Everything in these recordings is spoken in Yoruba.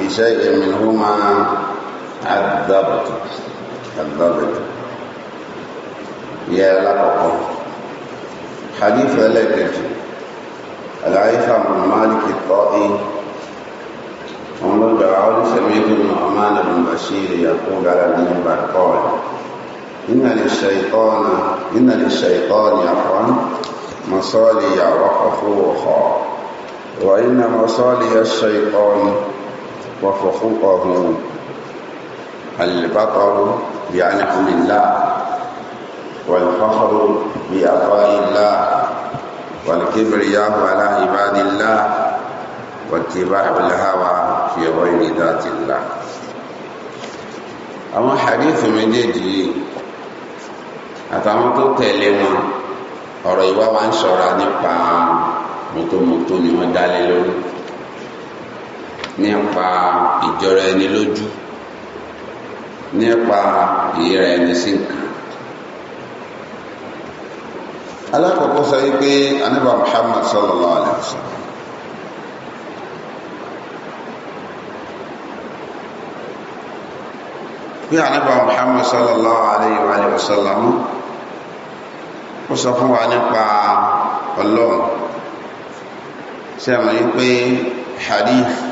بشيء منهما الضبط الضبط يا لقب حديث لك العيثم بن مالك الطائي ومن دعوه سمعت النعمان بن بشير يقول على المنبر قال إن للشيطان إن للشيطان عفوا مصالي وحقوقا وإن مصالي الشيطان وفخوقه البطر بأنعم الله والفخر بأطاء الله والكبرياء على عباد الله واتباع الهوى في غير ذات الله àwọn hadith méjèèjì yìí àtàwọn tó tẹ̀lé wọn ọ̀rọ̀ ìwá wa ń ṣọ́ra nípa ìjọra ẹni lójú nípa ìyẹra ẹni sí nǹkan alákọ̀ọ́kọ́ sọ wípé anábà Muhammad sallallahu alaihi wasallam bí anábà Muhammad sallallahu alaihi wasallam ó sọ fún wa nípa ọlọ́run sí àmọ́ wípé hadith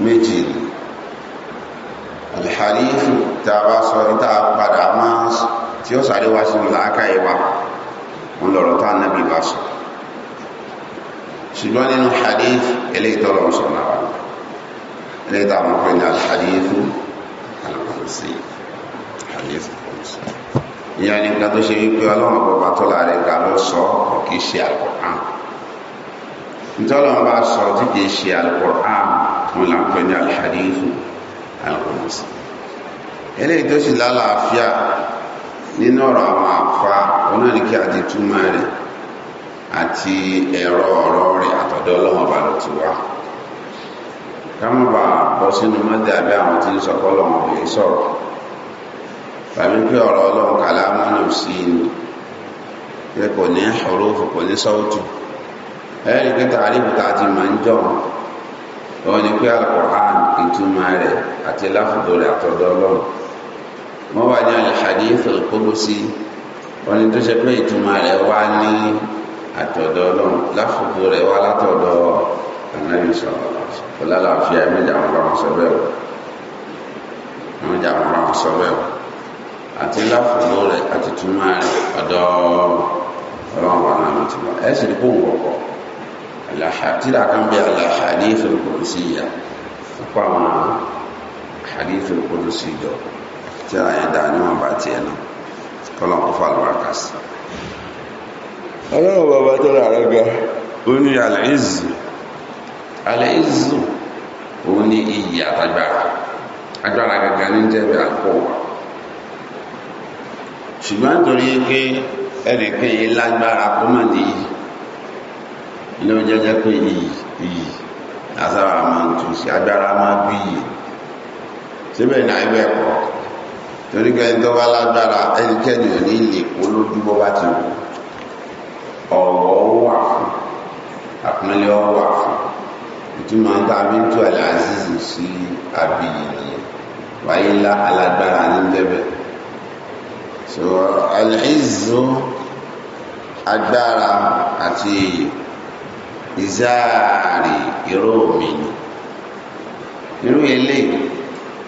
méjì ni alharifu tá a bá sọ ní tá a padà máa tí ó sáré wá sínú làákà ìwà wọn lọ̀rọ̀ tá a nábì bá sọ ṣùgbọ́n nínú hadith eléyìí tọ́lọ̀ sọ náà eléyìí tá a pé ní alharifu alqudusi hadith alqudusi ìyá ni nǹkan tó ṣe wípé ọlọ́run ọ̀pọ̀pá tọ́lá rẹ̀ ga ló sọ kì í ṣe alquran ntọ́lọ́run bá sọ tí kì í ṣe wọn là ń pè ní alhadithu alqudusi eléyìí tó sì lálàáfíà nínú ọ̀rọ̀ àwọn àfa onáríkì àti túmọ̀ rẹ̀ àti ẹ̀rọ ọ̀rọ̀ rẹ̀ àtọ̀dọ̀ ọlọ́wọ̀n bá ló ti wá káwọn bá bọ́ sínú mọ́tẹ́ àbí àwọn tí ń sọ kọ́lọ́wọ̀n kò sọ̀rọ̀ tàbí pé ọ̀rọ̀ ọlọ́run kàlá mọ́nà sí ni pé kò ní ọ̀rọ̀ òfò kò ní sọ́ọ̀tù ẹ̀rí pé tààrí bùtà ti máa ń jọ̀wọ́n wọ́n ní pé alukur'an ìtumọ̀ rẹ̀ àti láfùdó rẹ̀ àtọ̀dọ̀ ọlọ́run wọ́n wá ní alhadith alqudusi wọ́n ní tó ṣe pé ìtumọ̀ rẹ̀ wá ní àtọ̀dọ̀ ọlọ́run láfùdó rẹ̀ wá látọ̀dọ̀ anabi sọ̀rọ̀ ọlọ́láfíà méjà wọn bá wọn sọ bẹ́ẹ̀ o méjà wọn bá wọn sọ o àti láfùdó àti túmọ̀ rẹ̀ ọ̀dọ̀ ọlọ́run wà náà ló ti wá ẹ̀ sì ní kó wọ̀ kọ́ tíra kan bẹ alahadith al-qudusiyya kó àwọn hadith al-qudusiyya jọ tíra yẹn dáa níwọ̀n bá tiẹ̀ náà kọ́lọ̀ kó fà lọ́wọ́ kásì. ọlọ́run bàbá tó rà rẹ̀ ga ó ní al-izzu al-izzu òun ní iyì àtàgbára agbára gẹ́gẹ́ ní jẹ́bi àpò ṣùgbọ́n nítorí pé ẹnìkan yìí lágbára kó mọ̀ nìyí ló jẹ́jẹ́ pé iyì iyì asára máa ń tún sí agbára máa bí iyì síbẹ̀ ní àìbẹ̀ kọ́ torí pé tó bá lágbára ẹnikẹ́ni ò ní lè kó lójú bó bá ti wù ọ̀wọ̀ wà fún àpọ́nlé wà fún ìtumọ̀ ń tàbí tó àlàáṣíṣì sí àbíyì nìyẹn wáyé ńlá alágbára ní bẹ́bẹ̀ so al agbára àti èyí ìzáàrì ìró mi ni irú ilé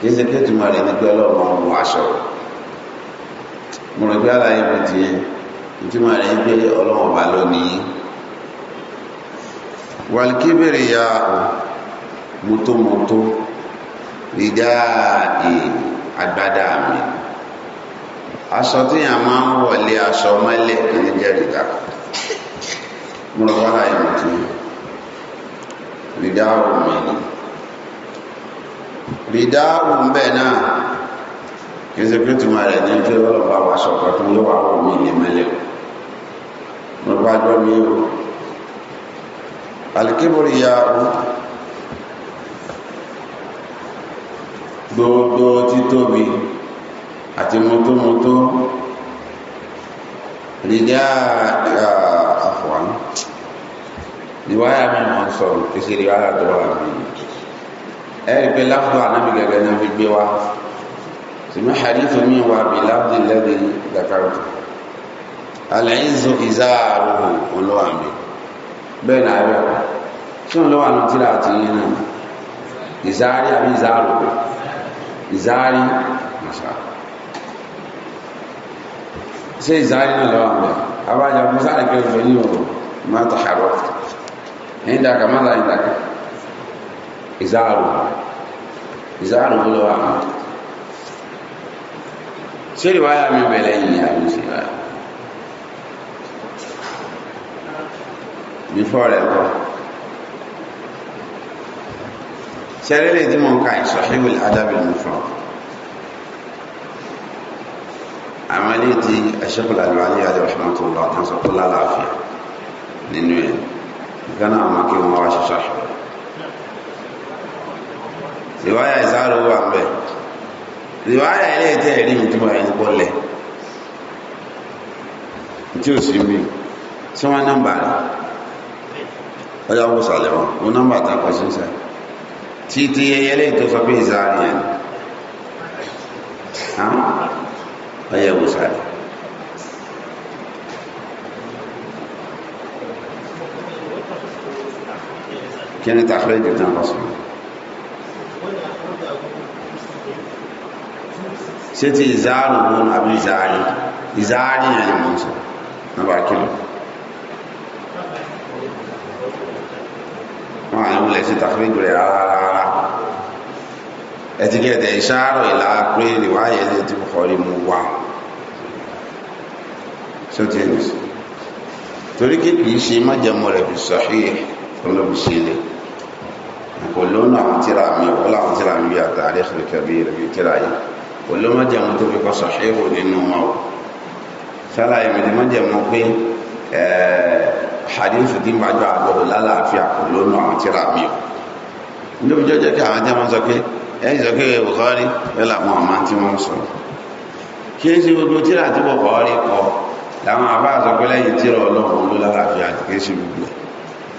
kìí ṣe kéjùmọ̀ rẹ̀ nígbẹ́ ọlọ́run ọmọ aṣọ mo rẹ̀ pé àlàyé mi ti ìtumọ̀ rẹ̀ ń gbé ọlọ́run ọba lónìí wàlíkébèrè ya mọ́tòmọ́tò ìdá àgbádá mi aṣọ tí yàn máa ń wọlé aṣọ mọ́lẹ̀ kìí jẹ́ ìdá mo rẹ̀ pé àlàyé mi ti ridaaru mi ni ridaaru ń bẹ̀ náà kí ṣe pé tuma rẹ̀ ní pé wọ́n bá wa sọ̀kọ̀ tó yóò wá wọ̀ mí ní mẹ́lẹ̀ o mo bá gbọ́ mi o alikébori ya o gbogbo títóbi àti mọ́tòmọ́tò ridaaru riwaya mi mọ̀ ń sọ̀rọ̀ kì í ṣe riwaya tó wà mí ẹ rí pé láfù ànábì gẹ́gẹ́ náà fi gbé wa ṣùgbọ́n hadith mi wà bí láfù lẹ́bi dàkàrùtù alẹ́yìnzó ìzáàrùhù olówà mi bẹ́ẹ̀ náà rẹ̀ kí wọ́n lọ́wọ́ àwọn tíra àti yín náà ìzáàrí àbí ìzáàrùhù ìzáàrí mọ̀ṣá ṣé ìzáàrí náà lọ́wọ́ àbẹ̀ abájá fún sáré kẹfẹ́ ní ọ̀rọ̀ máa tàhárọ̀ fún عندك ماذا عندك إزار إزار هو عمد سيري وايا من بلين يا أبو سيري before ẹ̀ kọ́ sẹ́rẹ́lẹ̀ tí mọ̀ ń ká ìṣọ̀híwò adábì ní fún àwọn ilé tí aṣẹ́kùnlá àlùwálé adábì ṣe mọ́tò lọ́tán sọ kó lálàáfíà nínú ẹ̀ ìkànnà àwọn akéwọn wa ṣiṣẹ́ rìwáyà ìsáàrò wà ń bẹ̀ rìwáyà ilé ìtẹ́ ẹ̀rí mi túnbọ̀ ẹni pọ́lẹ̀ tí ó sì mí tí wọ́n nọ́mbà rẹ̀ ọjọ́ kó sàlẹ̀ wọn wọn nọ́mbà takọ̀ sí sẹ́ tí ti ẹyẹ lè tó sọ pé ìsáàrì yẹn ọyẹ wò sàlẹ̀ kí ni tàkìrìjì tán bá sọ ṣé ti ìzáàrù mọ́nà àbí ìzáàrí ìzáàrí yẹn ni mọ́ sọ nígbà kílò wọn àyè wọlé sí tàkìrìjì rẹ̀ rárá rárá ẹ̀tíkẹ́tẹ̀ ìṣàárọ̀ ìlà pé ìwáyẹ̀ ní ti Bukhari mú wá sọ́tí ẹ̀nìsì torí kí kìí ṣe májẹ̀mọ́ rẹ̀ bí sahih ọlọ́bù ṣe lè kò lónà àwọn tíra mi ò láwọn tíra mi bí àtàrí ìkẹ̀bí rẹ̀ bí tíra yìí kò ló má jẹun tó fi kọ́ sọ̀ṣẹ́wò nínú wọn sálàyé mi ti má jẹun pé hadith dín bá jọ àgbọ̀dọ̀ lálàáfíà kò lónà àwọn tíra mi ò níbi jọjọ kí àwọn jẹ́ wọn sọ pé ẹ̀yìn sọ pé Bukhari ẹ làwọn ọmọ tí wọ́n sọ kí é ṣe gbogbo tíra tí Bukhari kọ làwọn àbá àsọpẹ́ lẹ́yìn tíra ọlọ́run ló lálàáfíà kì í ṣe gbogbo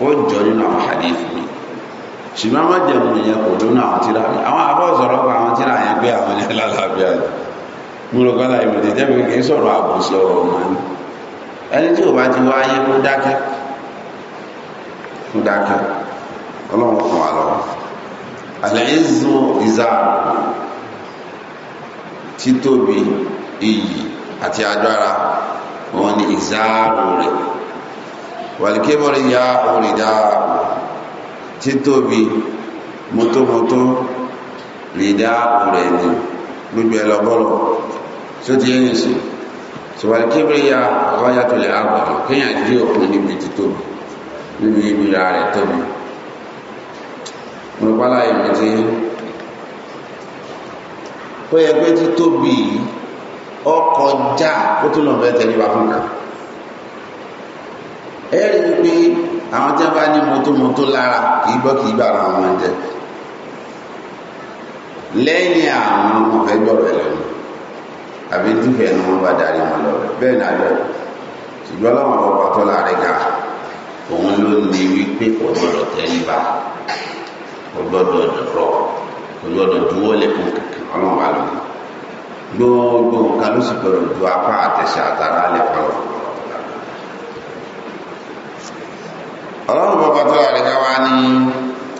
ó jọ nínú àwọn hadith mi ṣùgbọ́n àwọn jẹ̀mú yẹn kò lónà àwọn tíra mi àwọn àbọ̀ sọ̀rọ̀ pa àwọn tíra yẹn pé àwọn yẹn lálàáfíà ni mo rò kọ́lá ìmọ̀lẹ̀ jẹ́ pé kì í sọ̀rọ̀ àbùsọ ọ̀rọ̀ ni ẹni tí ò bá ti wáyé kó dákẹ́ kó dákẹ́ ọlọ́run kàn wá lọ́wọ́ àlẹ́yìnzó ìzá títóbi iyì àti agbára wọn ni ìzáàrò rẹ̀ wàlìkébọ̀rì ya òrìdá títóbi mọ́tòmọ́tò rìdá rẹ̀ ni gbogbo ẹlọ́bọ́lọ̀ tí ó ti yẹ́ nìsí tí wàlìkébọ̀rì ya ọ̀yá tó lè àgbàdo kéèyàn dé òkun níbi títóbi níbi ibi ra rẹ̀ tóbi mo pálá ó yẹ pé títóbi ọkọ̀ ó tún lọ bẹ́ẹ̀ tẹ́lẹ̀ fún kan ẹ rí i pé àwọn tí wọn bá ní mọtòmọtò lára kì í gbọ́ kì í gbà ara wọn jẹ lẹ́yìn àwọn ọmọ fẹ́ gbọ́rọ̀ ẹ̀ lẹ́nu àbí dúkẹ́ ni wọ́n bá darí wọn lọ bẹ́ẹ̀ náà lọ ṣùgbọ́n láwọn ọba tó láàrin ga òun ló ní wípé kò gbọ́dọ̀ tẹ́líba kò gbọ́dọ̀ rọ kò gbọ́dọ̀ dúró lẹ́kùn kankan ọlọ́run wa lọ gbogbo nǹkan ló sì gbọ́dọ̀ ju apá àtẹ̀sẹ̀ àtàrà lẹ́kọ̀ọ́ ọlọ́run bọ́ bàtọ́ àríká wá ní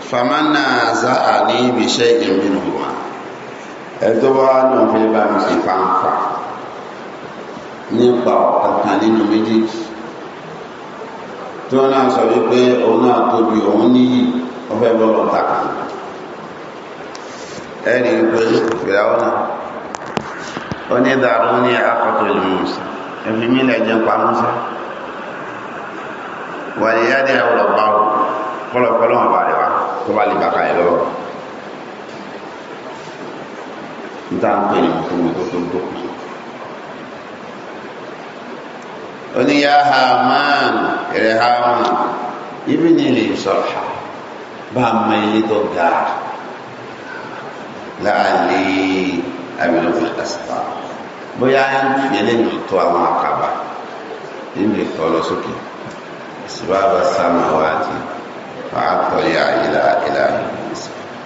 famana a ní ibi iṣẹ́ ìgbìmọ̀ wa ẹ̀tọ́ wá náà fẹ́ bá mi ṣe fáńfà nípa ọ̀kan nínú méjèèjì tí wọ́n náà sọ wípé òun náà tóbi òun níyì ọfẹ́ bọ́lọ̀ tàkà pé náà ní akọ̀tọ̀ ìlú mùsà pa wà ní yá ní àwọn ọ̀bá o kọ́lọ̀kọ́lọ̀ ọ̀bá rẹ̀ wá tó bá lè bàkà ẹ̀ lọ́wọ́ níta ń pè ní mùsùlùmí tó tó ń tó kùsù ó ní yá ha máa ẹ̀rẹ̀ ha máa ibi ní ilé ìsọ̀rọ̀ bá a mọ ilé tó ga láàlẹ́ àbílọ́fẹ́ àsìkò bóyá yẹn lè tó àwọn àkàbà nínú ìtọ́ lọ sókè sibaba samawati fàátọ̀yà ìlà ìlà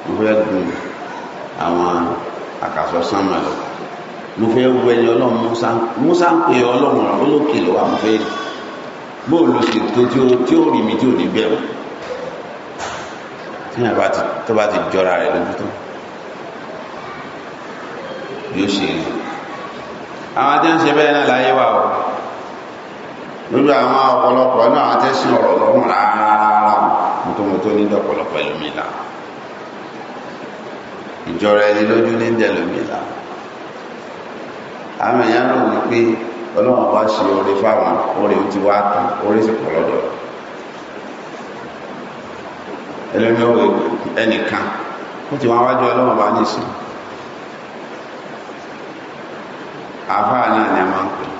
mo fẹ́ gun àwọn àkàsọ̀ sánmà lọ mo fẹ́ wọ ẹni ọlọ́run musa ń pè ọlọ́run ọ̀rọ̀ olókè lọ́wọ́ mo fẹ́ rí bóòlù ṣètò tí ó rí mi tí ò ní bẹ̀rù tí tó bá ti jọra rẹ̀ lójú tán yóò ṣe rí àwọn tí ń ṣe bẹ́ẹ̀ náà láyé wà ó lójú àwọn ọ̀pọ̀lọpọ̀ náà àti ẹ̀sìn ọ̀rọ̀ lọ́rùn rárá mọ̀tòmọ̀tò ní ìdọ̀pọ̀lọpọ̀ ẹlòmílà ìjọra ẹni lójú ní ìdẹ̀lòmílà àwọn èèyàn náà wí pé ọlọ́run bá ṣe oore fáwọn oore ó ti wá tán oore sì pọ̀ lọ́dọ̀ ẹlẹ́mìíràn ẹnìkan ó ti wọn wájú ọlọ́run bá nìsín àfáà náà ni a máa ń pè é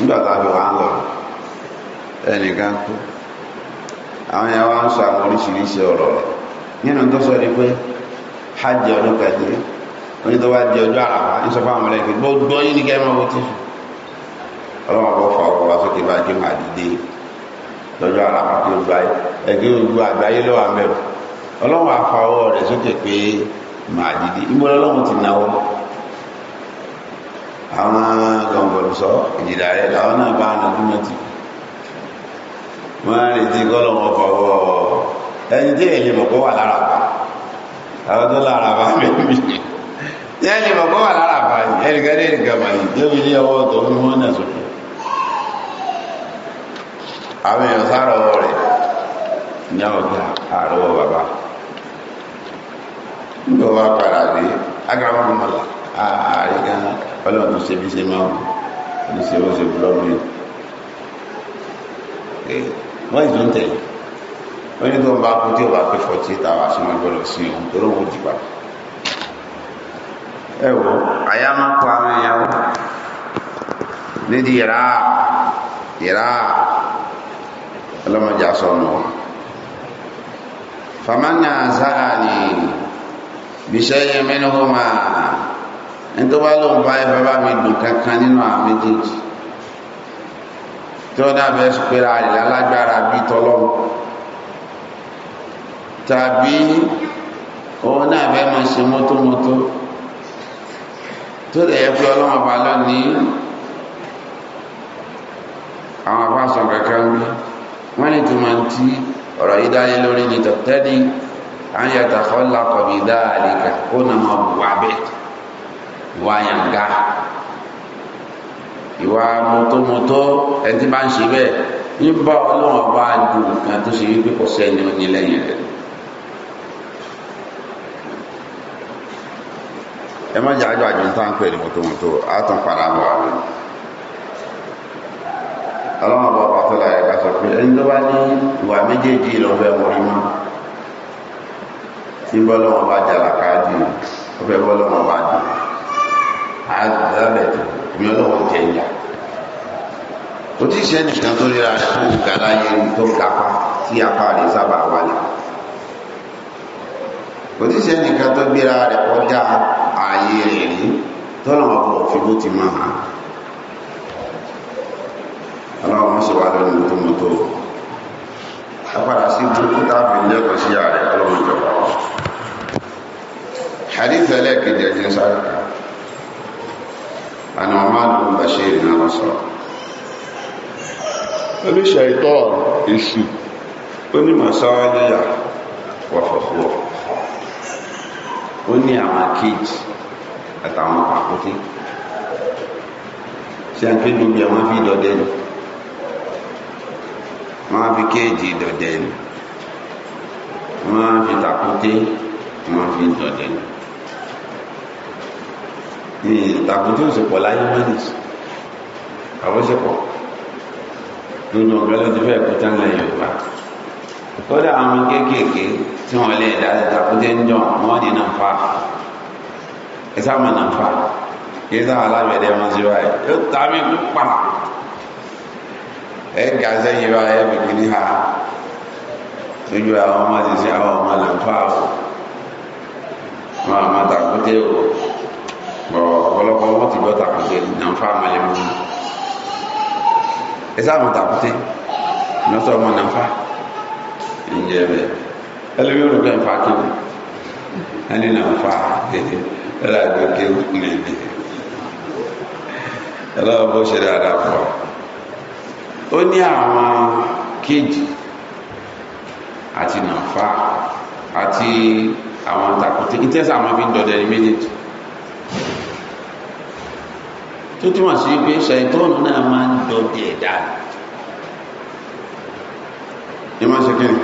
nígbà tá a fi wà ń lọ ẹnìkan kú àwọn yẹn wá ń sọ àwọn oríṣiríṣi ọ̀rọ̀ rẹ̀ nínú tó sọ ni pé hajj ọdún kẹjẹ oní tó bá di ọjọ́ àràbá ń sọ fáwọn ọmọlẹ́kẹ́ gbogbo yín ní kẹ́mọ́ bó ti sùn ọlọ́wọ́n bọ́ fọ ọkọ̀ wá sókè bá jẹ́ màá dìde lọ́jọ́ àràbá tó gba ẹgbẹ́ gbogbo àgbáyé lọ́wọ́ àmẹ́rù ọlọ́wọ́n àfa ọwọ́ rẹ̀ sókè pé màá dìde ìmọ̀lọ́wọ́n ti náwó àwọn gọ̀ǹgọ̀lùsọ ìjìdá rẹ̀ làwọn náà bá ọ̀nà dúnmọ̀ tì wọ́n á retí kọ́lọ̀mọ̀ fọwọ́ ẹni tí èyí mọ̀ kó wà lára bá àwọn tó lára bá mẹ́bí tí ẹni mọ̀ kó wà lára bá ẹnìkan ní ẹnìkan mà yìí tó fi ní ọwọ́ tó fi wọ́n náà sókè àwọn èèyàn sára ọwọ́ rẹ̀ ní àwọn ọ̀gá bàbá ń bọ̀ wá padà dé agbára mọ́lá àárín ọlọ́run tó ṣe bí ṣe máa wù ní ṣe ó ṣe búlọ́ọ̀bù yìí wọ́n ìjọ ń tẹ̀lé wọ́n ní tó ń bá kú tí ó bá pé fọ́tí tàwa sí wọn gbọ́dọ̀ sí ohun tó lóun jì padà ẹ wo àyà máa kọ àwọn ìyàwó nídìí ìrà ìrà ọlọ́mọdé asọ́nù famana zahani bisẹ́yìn mẹ́nu kó máa ẹni tó bá lóun bá ẹfẹ bá mi dùn kankan nínú àwọn méjèèjì tí wọn náà bẹ pera rẹ̀ lálágbára bíi tọlọ́run tàbí òun náà bẹ máa ṣe mọ́tómọ́tó tó lè yẹ pé Ọlọ́run ọba lónìí àwọn afáṣọ kankan wí wọn lè tún máa ọ̀rọ̀ yìí dálé lórí ní tọtẹni àyàtàkọ làkọbí dáadéka kó nà máa bù wá wáyàngá ìwà mọtòmọtò ẹni tí bá ń ṣe bẹ́ẹ̀ nígbà Ọlọ́run ọba ju nǹkan tó ṣe wípé kò sẹ́ni ó ní lẹ́yìn rẹ̀ ẹ má jájọ àjọ ń tán pè ní mọtòmọtò àtàn padà bọ àwọn Ọlọ́run ọba ọba tó láyé ká sọ pé ẹni tó bá ní ìwà méjèèjì lọ wọrí mọ tí bọlọrun ọba jà làkàdì ọfẹ bọlọrun ọba dùn àgbàbẹ̀tò mi ọlọ́wọ́ jẹ ìyà ó ti ṣe nìkan tó ríra rẹ̀ fún ògà láyé tó kápá tí apá rẹ̀ sábà wálẹ̀ ó ti ṣe nìkan tó gbéra rẹ̀ kọjá ààyè rẹ̀ rí tọ́nà ọkọ̀ òfin bó ti máa hàn ọlọ́run ṣe wà lórí mọ́tòmọ́tò apára sí burúkú táàfin lẹ́kọ̀ọ́ sí ààrẹ ọlọ́run jọba hadith ẹlẹ́kẹ̀jẹ̀ jẹ́ sáré An-Nu'man bin Bashir náà wọ́n sọ̀rọ̀ oníṣẹ́ ìtọ́ èṣù onímọ̀sáwáníyà wọ̀fọ̀fọ̀ ó ní àwọn akéjì àtàwọn pàkúté tí a ń pè níbi àwọn fi dọdẹ ni wọ́n á fi kéèjì dọdẹ ni wọ́n á fi tàkúté wọ́n á fi dọdẹ ni ìtàkùn tí ó sì pọ̀ láyé mọ́nìs àwọn sì pọ̀ nínú ọ̀gá ló ti fẹ́ kú tán lẹ́yìn Yorùbá kódà àwọn kéékèèké tí wọ́n lè dá ìtàkùn tí ń jọ wọ́n ní náà fa ẹ̀sà mọ̀ náà fa kí sáà alábẹ̀dẹ wọn sí báyìí yóò ta mí pa ẹ ga sẹ́yìn báyìí ẹ bìkí ní ha lójú àwọn ọmọ ti ṣe àwọn ọmọ náà fa o wọn àmọ́ tàkùn ọ̀pọ̀lọpọ̀ wọ́n ti gbọ́ tàkùté nàǹfà àmàlẹ́mọ́ ẹ sáàmù tàkùté lọ́sọ̀ ọmọ nàǹfà ǹjẹ́ bẹ́ẹ̀ ẹlẹ́mi ò rò pé nfa kéwù ẹni nàǹfà ẹlẹ́ àgbẹ̀ kéwù nìyí ẹlẹ́wọ̀n bó ṣe dáadáa fún ọ. ó ní àwọn kéèjì àti nàǹfà àti àwọn tàkùté ìtẹ́sà àwọn fi ń dọdẹ ní méjèèjì tó túmọ̀ sí pé ṣàìtọ́nù náà máa ń dọ̀dẹ̀ ẹ̀dá ní máa ṣe kíni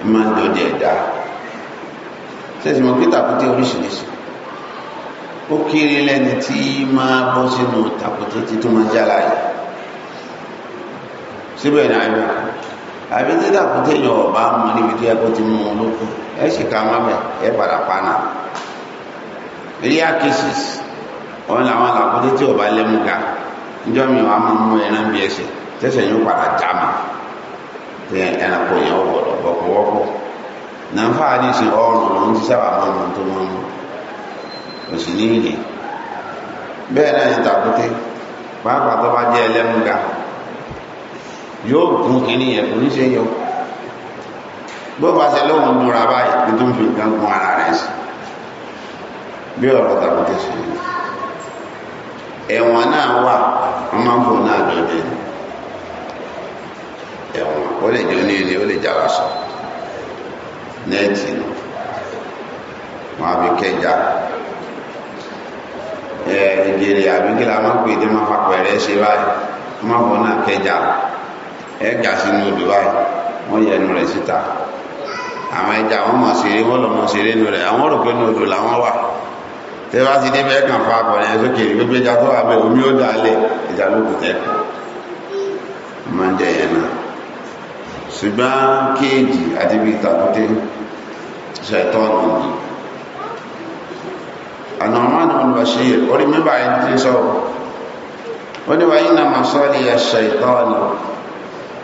ní máa ń dọ̀dẹ̀ ẹ̀dá sẹ́sì mọ̀ pé tàkúté oríṣiríṣi ó kéré lẹ́ni tí máa bọ́ sínú tàkúté tí tó máa jálá yìí síbẹ̀ ní àìmọ̀ àbí tí tàkúté yẹn ọ̀bá mọ̀ níbi tó yẹ kó ti mú un lóko ẹ̀ ṣì ká má bẹ̀ ẹ̀ padà pa náà ilé àkíṣìṣì wọn làwọn làkúté tí ọba lẹ́mú ga níjọ́ mi wàá máa mú ẹran bí ẹsẹ̀ tẹ́sẹ̀ yóò padà já ma tẹ ẹranko yẹn ó wọ̀ lọ́pọ̀wọ́pọ̀ nàfà ní ìsìn ọrùn lòún ti sábà máa mú tó máa mú kò sì ní ìyè bẹ́ẹ̀ náà ní tàkúté pàápàá tó bá jẹ́ ẹlẹ́mú ga yóò gun kínní yẹn kò ní ṣe yọ bó bá ṣe lóhun dúnra báyìí tó nǹkan gun ara rẹ̀ sí bí ọ̀rọ̀ tàbí tẹ̀sí yìí ẹ̀wọ̀n náà wà wọ́n máa ń bò náà lóde ẹ̀wọ̀n ó lè jẹ́ onílé ó lè jára sọ nẹ́ẹ̀tì nù wọ́n á fi kẹjà ìgèrè àbíkílà máa ń pè tí wọ́n fa pẹ̀rẹ́ ṣe báyìí wọ́n máa bọ̀ náà kẹjà ẹ̀ẹ́gà sínú odò báyìí wọ́n yẹ ẹnu rẹ̀ síta àwọn ẹja wọ́n mọ̀ sí eré wọ́n lọ mọ̀ sí eré nù rẹ̀ àwọn rò pé nù odò làwọn wà tẹ bá ti dé bẹ́ẹ̀ kàn fa akọ̀rẹ́ yẹn sókè gbogbo ẹja tó wà bẹ́ẹ̀ omi ó dà lẹ̀ ẹja ló ń jẹ yẹn náà ṣùgbọ́n kéèjì àti bíi tàkúté ṣàìtọ́nù yìí àná ọmọdé wọn bá ṣe yẹ orí mẹ́bà yẹn ti sọ ó ní wáyé náà máa sọ ní ṣàìtọ́nù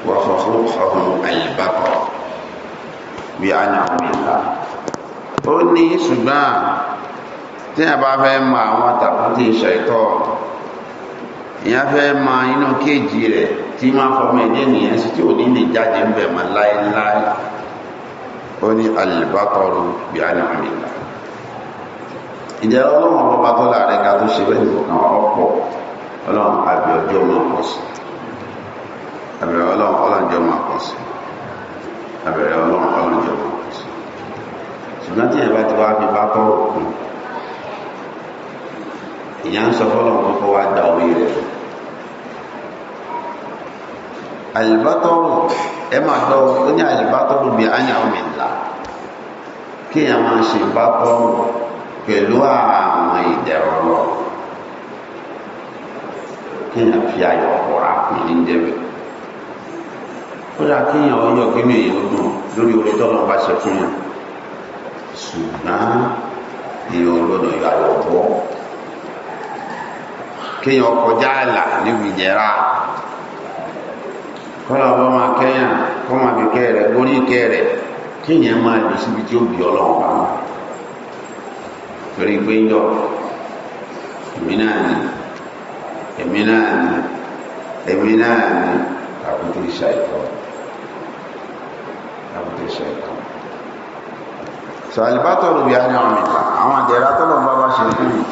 wà fọ́fọ́ ọ̀hún àyíbákọ̀ bí a ní àwọn ìlà ó ní ṣùgbọ́n tí a bá fẹ́ mọ àwọn àtàkùntì ṣẹ̀tọ́ ìyẹn fẹ́ mọ inú kéèjì rẹ̀ tí máa fọmọ ẹ̀dẹ́ nìyẹn sí tí ò ní lè jáde ń bẹ̀ mọ́ láéláé ó ní alìbátọ́rù bí a ní àmì ìlà ìjẹ́ ọlọ́run ọba tó láàrin ga tó ṣe bẹ́ẹ̀ nìkan ọ̀pọ̀ ọlọ́run àbí ọjọ́ máa pọ̀ sí àbí ọlọ́run ọlọ́njọ́ máa pọ̀ sí àbí ọlọ́run ọlọ́njọ́ máa pọ̀ sí ṣùgbọ́n tí ẹ̀ bá ti wá fi bá tọ́rọ̀ kù ìyá ń sọ fọ́lọ̀ wọn kọ́ wá gba òwe rẹ̀ àlìbátọ́rù ẹ máa tọ́ ó ní àlìbátọ́rù bíi ányàwó ìlà kí èèyàn máa ṣe bátọ́rù pẹ̀lú àwọn ìdẹ̀rọ̀ kí èèyàn fi ayọ̀ ọ̀rá kùn ní dẹ́bẹ̀ ó dáa kí èèyàn ọyọ̀ dùn lórí orí tọ́lọ́ bá ṣe fún yàn ṣùgbọ́n èèyàn gbọ́dọ̀ yọ àyọ̀ kéèyàn kọjá àlà níbi ìjẹra kọ́lá ọba máa kẹ́yàn kọ́ máa fi kẹ́ rẹ̀ gorí kẹ́ rẹ̀ kéèyàn máa lò síbi tí ó bí ọlọ́run bá wọn torí pé yọ èmi náà ni èmi náà ni èmi náà ni àkútù ìṣàìtọ́ àkútù ìṣàìtọ́ sọ àlùbátọ̀ rúbi àyàn mi àwọn àjẹrà tọ́lọ̀ bá bá ṣe fún mi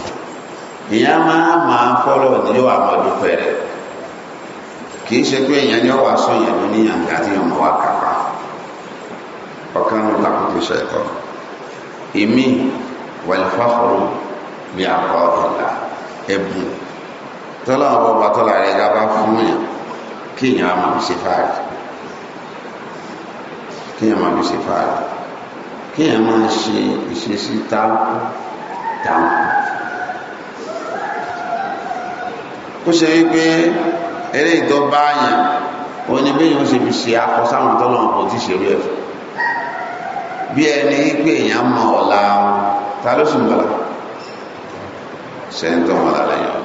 èèyàn máa máa fọ́lọ̀ nílò àwọn ọdúnfẹ́ rẹ̀ kì í ṣe pé èèyàn ní ọwà sọ̀yàn ló ní àǹgá tí ọmọ wa kápá ọ̀kan ló takò tó ṣe ẹ̀kọ́ èmi wàlúfàfọ́rọ̀ bí akọ ìlà ẹ̀bùn tọ́lá ọ̀bọ̀ bá tọ́lá rẹ̀ ga bá fún yàn kí èèyàn á máa ṣe fáàrí kí èèyàn máa ṣe fáàrí kí èèyàn máa ṣe ìṣesí táǹkù táǹkù kó ṣe wípé eré ìdọ́gba àyàn òní bí èèyàn ṣe fi ṣe akọ sáwọn tọ́lọ̀ ọ̀pọ̀ tí ṣerú ẹ̀ fún bí ẹni pé èèyàn mọ ọ̀la ta ló sì mọ̀ ọ̀la ṣẹ́ńtọ́ ọ̀la lẹ́yìn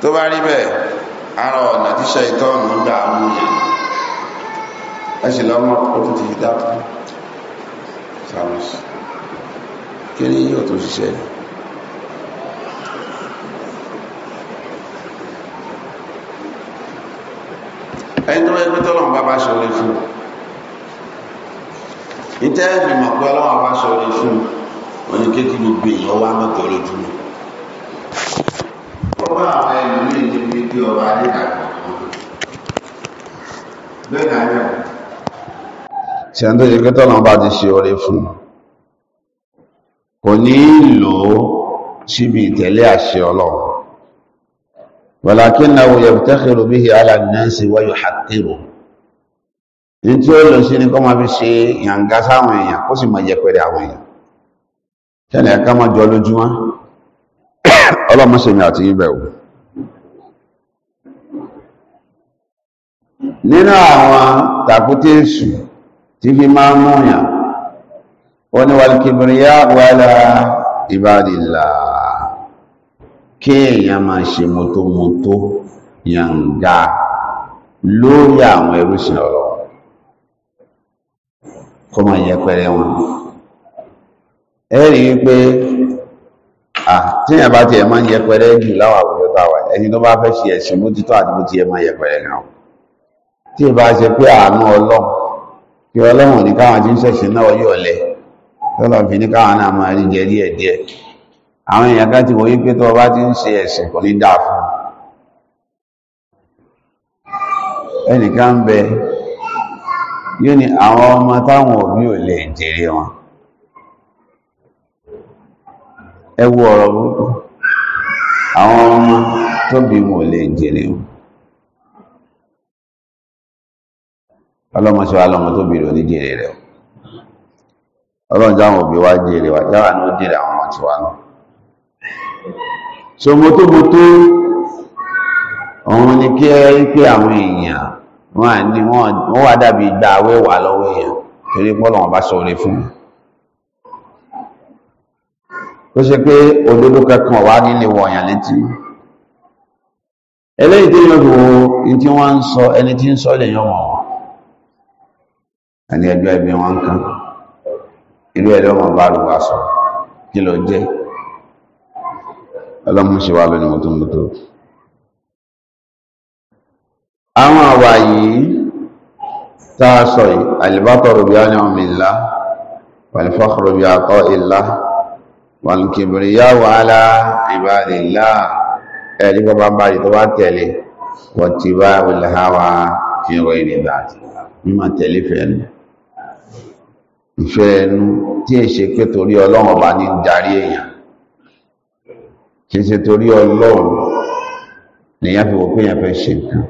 tó bá rí bẹ́ẹ̀ ara ọ̀nà tí ṣe ìtọ́nù gbà mú yẹn ẹ sì lọ́mọ ó tún ti fi sáwọn sí kí ni yóò tó ṣiṣẹ́ ẹni tó wáyé pé tọ́lọ́run bá bá ṣọlẹ̀ fún ìtẹ́ ìmọ̀ pé ọlọ́run bá ṣọlẹ̀ fún òní kékeré gbogbo èèyàn wá mọ́tò lójúmọ́ ọba àwọn ẹlòmíì ní bí bí ọba adédàgbà bẹ́ẹ̀ náà yẹ. ṣé ń tó yẹ pé tọ́lọ́run bá ti ṣe ọrẹ fún un kò ní lò ó síbi ìtẹ̀lé àṣẹ ọlọ́run wàlákínnáwó yabtakhiru bihi ala an-nasi wa yuhaqqiru ní tí ó lò sí ní kọ́ máa fi ṣe yàǹgá sáwọn èèyàn kó sì máa yẹpẹrẹ àwọn èèyàn tẹ́lẹ̀ ká máa jọ lójúmọ́ ọlọ́mọ́sẹ̀mí àti ibẹ̀wò nínú àwọn tàkútẹ́sù tí fi máa ń múyàn wọ́n ní wàlùkìbìrìyà wàlà ìbádìlá kí èèyàn máa ṣe mọ́tómọ́tó yànga lórí àwọn ẹrúṣìn ọ̀rọ̀ kó máa yẹpẹrẹ wọn ẹ̀rí wípé tíyàn bá tiẹ̀ máa ń yẹpẹrẹ jù láwọn àwùjọ táwa ẹni tó bá fẹ́ ṣe ẹ̀sìn mójútó àti bó tiẹ̀ máa yẹpẹrẹ náà tí ì bá ṣe pé àánú ọlọ́run kí ọlọ́run ní káwọn tí ń ṣẹ̀ṣẹ̀ náà yọ̀ lẹ́ẹ̀ tọ́lọ̀ fi ní káwọn náà máa rí jẹ àwọn èèyàn ti wòye pé tó ọba ti ń ṣe ẹ̀sìn kò ní dáa fún ẹnìkan ń bẹ yóò ní àwọn ọmọ táwọn òbí ò lè jèrè wọn ẹ wo ọ̀rọ̀ burúkú àwọn ọmọ tó bí wọn ò lè jèrè wọn ọlọ́mọ lọ́mọ ọlọ́run jáwọn òbí wá jèrè wà jáwà ní ó jèrè àwọn ọmọ tiwa náà so mo tó mo tó òun ni kí ẹ rí pé àwọn èèyàn wọn à ní wọn wà dàbí gba awẹ́wà lọ́wọ́ èèyàn torí pọ́lọ̀ wọn bá sọ̀rọ̀ fún mi tó ṣe pé òdodo kankan wà nílé wọ̀nyàn létí eléyìí tí yóò wò ní tí wọ́n ń sọ ẹni tí ń sọ lè yọ̀ wọ̀n ẹni ẹjọ́ ẹbí wọn kan irú ẹ̀ lọ́mọ bá rù wá sọ kí lọ jẹ́ ọlọ́mọ ṣe wá lónìí mọ́tòmọ́tò àwọn àwà yìí tá a sọ yìí àlìbátọ̀rọ̀ bí a ní ọmọ ìlà wàlìfọ́kọ̀rọ̀ bí a tọ́ ìlà wàlìkìbìrìyà wàhálà ìbáàdìlá ẹ̀rí ìfẹ́ ẹnu tí è ṣe pé torí ọlọ́run ọba ní darí èèyàn kì torí ọlọ́run lèyàn fi wò pé èèyàn fẹ́ ṣe nǹkan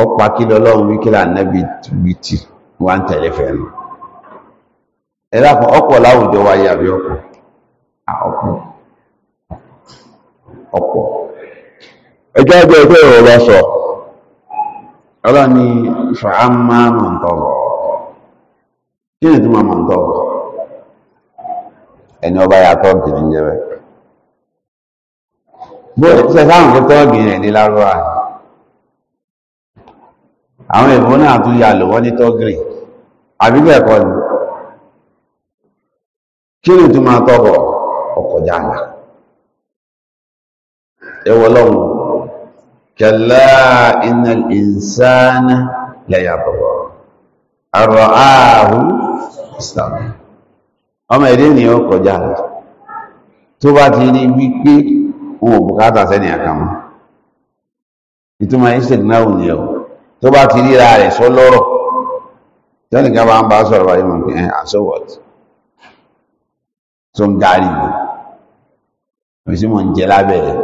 ó pa kí lọ́lọ́run wí kí lànàbí wí tì wá ń tẹ̀lé fẹ́ nu ọ̀pọ̀ kí ni túmọ̀ máa ń tọ́ ẹni ọba yàtọ̀ gìrì ń jẹ́bẹ̀ bó ṣe sáwọn tó tọ́ gìrì ní lárúbá àwọn èèbó náà tún ya lò wọ́n ní tọ́ gìrì àbí bẹ́ẹ̀ kọ́ ni kí ni túmọ̀ tọ́bọ̀ ọkọ̀ jáàlá ẹwọ lọ́wọ́ kẹlá innal insana lẹ́yàtọ̀ àrọ̀ ààrùn Islam ọmọ ẹ̀dẹ́ ni ó kọjá rẹ̀ tó bá ti rí wípé wọn ò bùkátà sẹ́ni àkàmọ́ ìtumọ̀ ìṣẹ̀lẹ̀ náà ò ní ẹ̀ tó bá ti ríra rẹ̀ sọ lọ́rọ̀ tẹ́nìkan bá ń bá sọ̀rọ̀ báyìí mọ̀ pé ẹ̀ àsọ̀wọ̀t tó ń dárí ìlú òsì mọ̀ ń jẹ lábẹ́ rẹ̀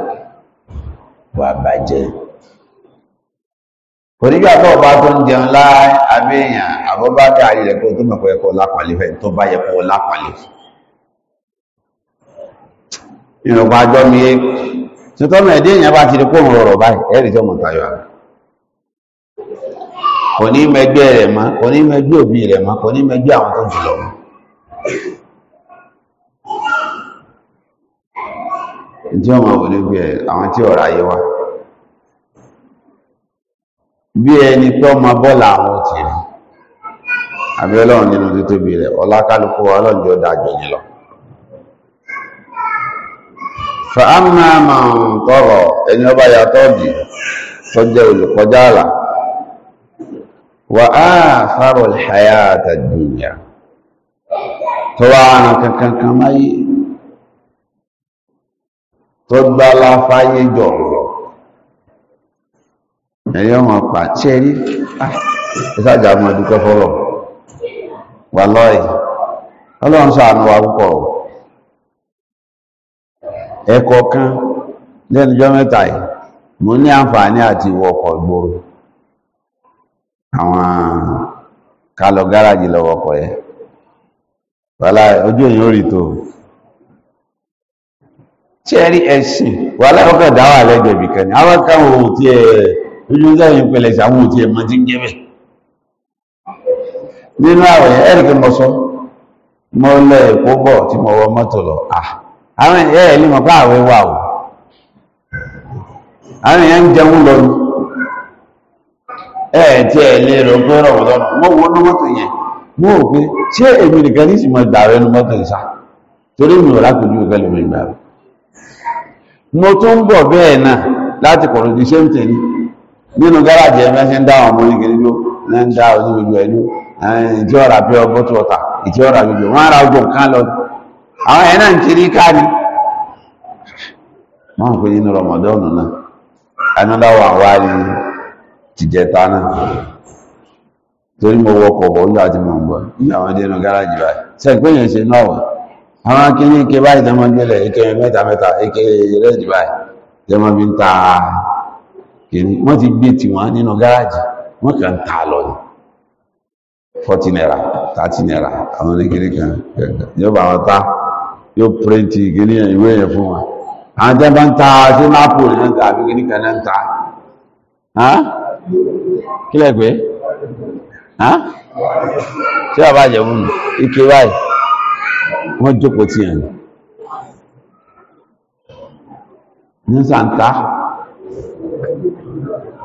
wà bàjẹ́ onígbà tó bá tó ń jẹun láì àbíyàn àbọ́bádà ilẹ̀ kó tó mẹ́kọ̀ọ́ ẹ̀kọ́ lápàlẹ̀ fẹ́ tó bá yẹ̀kọ́ lápàlẹ̀ ìrọ̀pá ajọ́ mi tuntun èèyàn bá ti rí kóhùn rọrọ̀ báyìí ẹ̀rì kò ní mẹgbẹ́ rẹ̀ mọ́ kò ní mẹgbẹ́ òbí rẹ̀ mọ́ kò ní mẹgbẹ́ àwọn tó mọ́ gbé àwọn tí ọ̀rọ̀ ayé wa bí ẹni pé ọmọ bọ́ọ̀lù àwọn ti rí àbí ọlọ́run nínú títóbi rẹ̀ ọlákálùkù ọlọ́run jọ dájọ́ nílọ fàámà máa ń tọrọ ẹni ọba yàtọ̀ dì tó jẹ́ olùkọjá àlà wà á fárọ̀ ìhàyà àtàdùnyà tó wá àrùn kankan máyé tó gbá láfáyé jọ̀rọ̀ ẹ̀yọ́ ọmọ pàtí ẹ̀rí ìsájà mọ̀ dúkọ́ fọ́lọ̀ wà lọ́ẹ̀ ọlọ́run ṣàánú wa púpọ̀ ẹ̀kọ́ kan lẹ́nujọ́ mẹ́ta yìí mo ní àǹfààní àti ìgboro àwọn gáràjì lọ wàlá ojú èyàn tó tí ẹ̀sìn wàlá ọkọ̀ lẹ́gbẹ̀ẹ́ àwọn kan ti ojú sẹ́yìn pẹ̀lẹ̀ sí àwọn òtí ẹ̀mọ́ tí ń jẹ́ bẹ̀ nínú àwẹ̀ ẹ̀rìkì mọ́ sọ mọ́ lọ èkó bọ̀ tí mo wọ mọ́tò lọ àwọn èèyàn ẹ̀ límọ̀ pá àwẹ̀ wà o àwọn èèyàn ń jẹun lọ ẹ̀ tí ẹ̀ lè rọ pé rọ̀wọ̀lọ́ mọ́ wọnú mọ́tò yẹn ò pé ṣé èmi nìkan ní ìsìnmọ̀ ìdàrẹ́ nu mọ́tò ìsá torí mi ò rákòjú ìfẹ́ lómi ìgbà rẹ̀ mo bọ̀ bẹ́ẹ̀ náà láti kọ̀rọ̀ di ṣé ń nínú gáràjì ẹgbẹ́ ṣe ń dá ọmọ ní gẹ̀rẹ́gbó ní ń dá onígbogbo ẹ̀lú ìtí ọ̀rà bí ọ bọ́tù ọ̀tà ìtí ọ̀rà gbogbo wọ́n ara ogun kan lọ àwọn ẹ̀nà ń kiri káàdì wọ́n pè nínú rọmọdọ́nù náà náà torí mo bọ̀ nígbà tí mo ń bọ̀ nígbà wọn dé inú báyìí ṣe náà àwọn ike báyìí tẹ́ mọ́ ike mẹ́ta mẹ́ta ike rẹ́ẹ̀dì báyìí tẹ́ mọ́ fi ń ta kiri wọ́n ti gbé tiwọn nínú gáràjì wọ́n kàn ta lọ ní forty naira thirty naira àwọn oníkiri kan yóò bá wọn ta yóò pírẹ́ǹtì kiri yẹn ìwé yẹn fún wọn àwọn tẹ́ bá ń ta sí máàpù náà ń ta àbí kiri náà ń ta kílẹ̀ pé tí a bá jẹun ike báyìí wọ́n jókòó tiẹ̀ ní sáà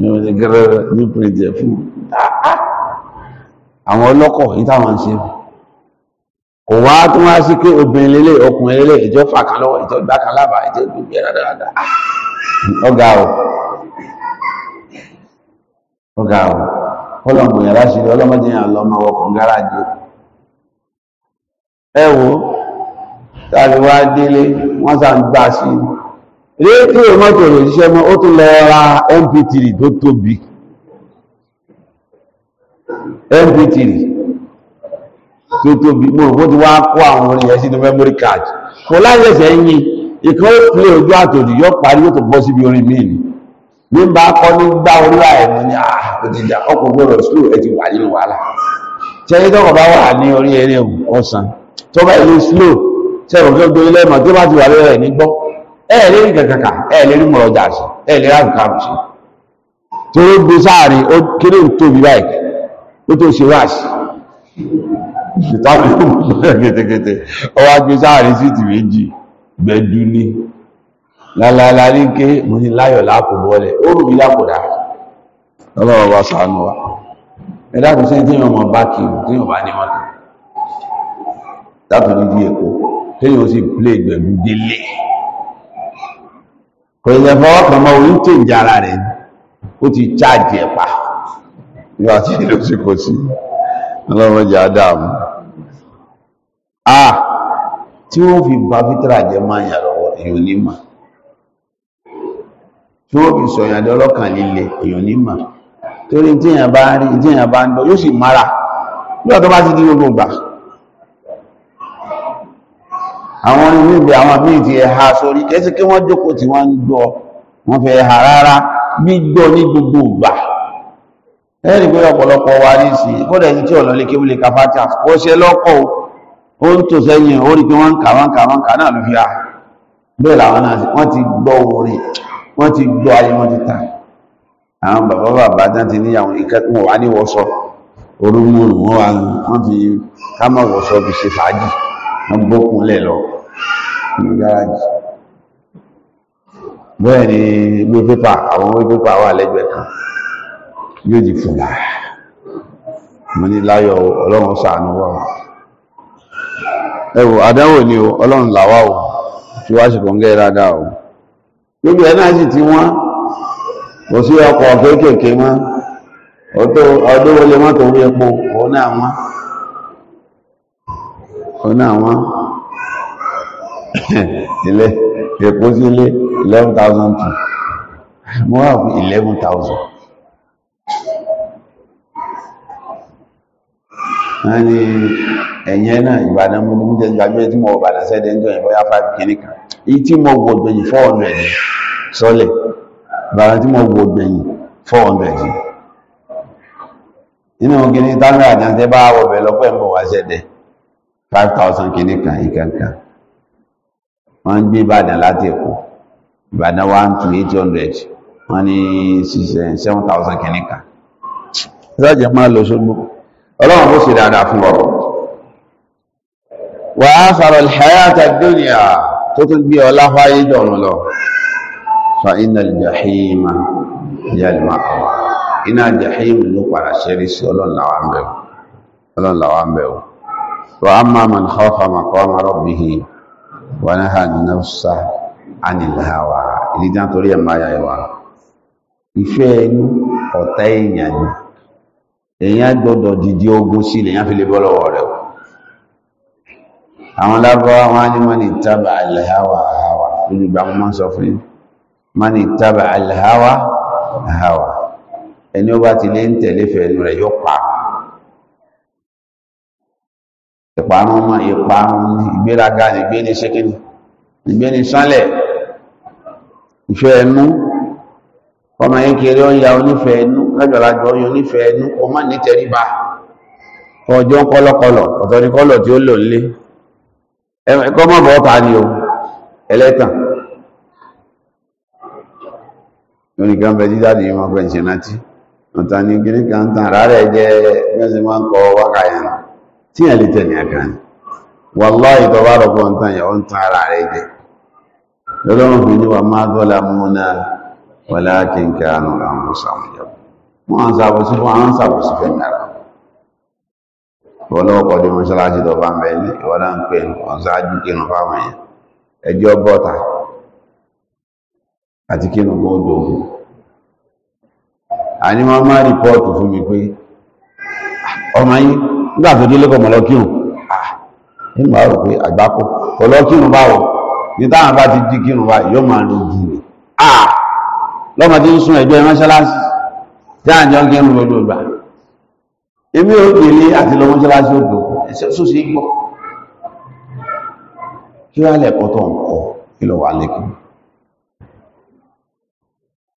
ní wọ́n ti gẹ́rẹ́ blueprint ẹ̀ fún àwọn ọlọ́kọ̀ ìtàwọn ń ṣe kò wá tó wá sí pé obìnrin lélẹ̀ ọkùnrin lélẹ̀ ìjọ fà kan lọ́wọ́ ìjọ gbá kan lábàá ìjọ gbogbo ẹ̀rọ dáadáa ọgá o ọgá o ọlọ́mọ yàrá ṣe ọlọ́mọdé yàn lọ́mọ ọkọ̀ gáràjì ẹ wo táàbí wá délé wọ́n sà ń gbà sí i rédíò mọ́tò rẹ̀ ṣiṣẹ́ mọ́ ó tún lọ ra mp3 tó tóbi mp3 tó tóbi mọ́ ó ti wá kó àwọn orin yẹn sínú memory card kò láìsẹ̀sẹ̀ yìn ìkan ó fi ojú àtòdì yọ parí ó tó bọ́ síbi orin míì kọ́ ní gbá orí àìmọ́ gbọ́dọ̀ ẹ ti wà nínú wàhálà tẹ́yìn tọ́kọ̀ bá wà ní orí ọ̀sán tọ́ba ìlú slow bá wà ẹ̀ẹ̀lérí kẹkẹkà ẹ̀ẹ̀lérí mọ̀rọ̀jà sí ẹ̀ẹ̀lérí àrùkàrù sí tí ó gbé sáàrin ó kéré tóbi báyìí ó tó ṣe wáàsì ìtàkùn kẹtẹkẹtẹ ó wá gbé sáàrin sí ti méjì gbẹ̀dú ní lálálá ní ké mo ní láyọ̀ lápò bọ́lẹ̀ ó rù mí lápòdà ọlọ́rọ̀ bá sàánú wa ẹ̀dá kò sẹ́ni tí ọmọ bá kì í tí ọba ní wọn kì í dátò ní bí èkó téèyàn sì plé gbẹ̀dú délé kò ilẹ̀ fọwọ́ kan mọ́ orí tí ń jẹ ara rẹ̀ ó ti chájì ẹ̀pà nígbà tí ìlú sí kò sí ọlọ́run jẹ́ ádámù a tí wọ́n fi bá fítírà jẹ máa yà lọ́wọ́ èyàn nímà tí wọ́n fi sọ̀yàn dé ọlọ́kàn líle èyàn nímà torí tí èyàn bá ń rí tí èyàn bá ń lọ yóò sì mára nígbà tó bá ti di gbogbo gbà àwọn orin níbi àwọn míì ti ẹ̀ha sórí kẹsí kí wọ́n jókòó tí wọ́n ń gbọ́ wọ́n fẹ́ ẹ̀ha rárá gbígbọ́ ní gbogbo ìgbà ẹ̀rì pé ọ̀pọ̀lọpọ̀ wa ní sí kódà ẹni tí ọ̀lọ́lé kí wílé kafata ó ṣe lọ́pọ̀ ó ń tò sẹ́yìn ó rí pé wọ́n ń kà wọ́n kà wọ́n kà náà ló bẹ́ẹ̀ wọ́n gbókúnlẹ̀ lọ ní bụ bẹ́ẹ̀ ni gbé pépà àwọn pipa pépà wà kan yóò di mo ní láyọ̀ ọlọrun ṣàánú wà ẹwò ni o ọlọrun làwà o tí wá ṣe kọ̀ǹgẹ́ dáadáa o gbogbo náà sì ti wọn kò sí ọkọ kéékèèké mọ́ ọdún wọlé mọ́tò orí òun náà ọ̀nà àwọn ilé èkó sí ilé 11,000 mo wà fún 11,000 wọ́n ni ẹ̀yẹn náà ìbàdàn mú ní jẹ́ gbàgbé tí mo bàdà sẹ́dẹ̀ ń jọyìn bóyá 5 kìíní kan èyí tí mo gbọ̀gbẹ̀yìn 400 sọ́lẹ̀ bàdà tí mo gbọ̀gbẹ̀yìn 400 inú gini tágbà àjàntẹ́ bá wọ̀bẹ̀ lọ́pẹ́ ń bọ̀ wá sẹ́dẹ̀ five thousand kìíní kan ìkẹ́kẹ́ wọ́n gbé ìbàdàn láti èkó ìbàdàn one to eight hundred wọ́n ní eh, seven kìíní kan ìsájẹ̀ máa lọ ṣogbó ọlọ́run ó sì dáadáa fún ọ̀rọ̀ wà á sọ̀rọ̀ ìhẹ́yàtà dúnìyà tó tún gbé ọlá fáyé dọ̀run lọ fa iná jahima yalma iná jahima ló para ṣẹ́rí sí ọlọ́run làwọn bẹ̀rù وأما من خاف مقام ربه ونهى النفس عن الهوى إلي جان توري أما يا يوا ìfẹ́ ẹnu ọ̀tá èèyàn ni èèyàn gbọ́dọ̀ dìde ogun sí lèèyàn fi lè bọ́ lọ́wọ́ rẹ̀ àwọn lábọ́wá wọn ní mọ́ni tábà alhawa hawa nínú ìgbà mọ́ sọ fún yín mọ́ni tábà alhawa hawa ẹni ó bá ti lé ń tẹ̀lé fẹ́ ẹnu rẹ̀ yóò pa á ìparun mọ́ ìparun ní ìgbéraga nìgbé ní ṣékíní nìgbé ní sánlẹ̀ ìfẹ́ ẹnu ọmọ yín kiri ó ya onífẹ́ ẹnu lọ́jọ́lájọ́ oyún onífẹ́ ẹnu o má ní tẹríba ọjọ́ kọ́lọ́kọlọ̀ ọ̀tọ̀ ní kọ́lọ̀ tí ó lò lé ẹ̀kọ́ mọ́ bọ́ ta ni o ẹlẹ́tàn lórí kan bẹ jíjáde yìí máa pẹ̀ ń ṣe náà tí ọ̀tà ní kiri kan tàn rárẹ̀ jẹ́ bí wọ́n ṣe máa ń kọ wákàyàn tinyere ẹ̀ lè tẹ̀lé àkàn wàlọ́ ìtọ́wà rọ̀gbọ́ ń tán yẹ̀ ń tán ara rẹ̀ jẹ́ lọ́lọ́run fi ní wà máa dọ́là múná wà láàkín kánú àwọn sàmúyẹ̀ wọ́n sàbòsí fún àwọn sàbòsí fẹ́ mi ah, nígbà tó délé kọ̀ mọ̀lọ́kírun nígbà ah, rò pé àgbákò kọ̀lọ́kírun báwọ̀ ní táwọn bá ti di kírun báyìí yóò máa lo jù rẹ̀ à ah, lọ́mọ tí ń sún ẹgbẹ́ mọ́ṣáláṣí tí à ń jọ kírun lójú ìgbà èmi ò gbélé àti lọ mọ́ṣáláṣí òdò ẹ̀sẹ̀ tó sì gbọ́ kí wá lẹ́kọ̀ọ́ tó ń kọ́ kí lọ wà lẹ́kọ̀ọ́